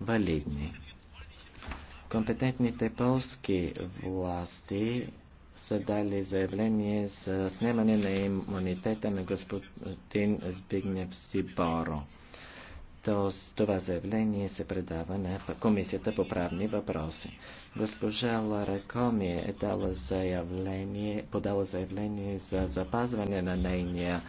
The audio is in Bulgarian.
валидни. Компетентните полски власти са дали заявление за снимане на имунитета на господин Збигнев Сиборо. Тоест, това заявление се предава на Комисията по правни въпроси. Госпожа Лара Коми е дала заявление, подала заявление за запазване на нейния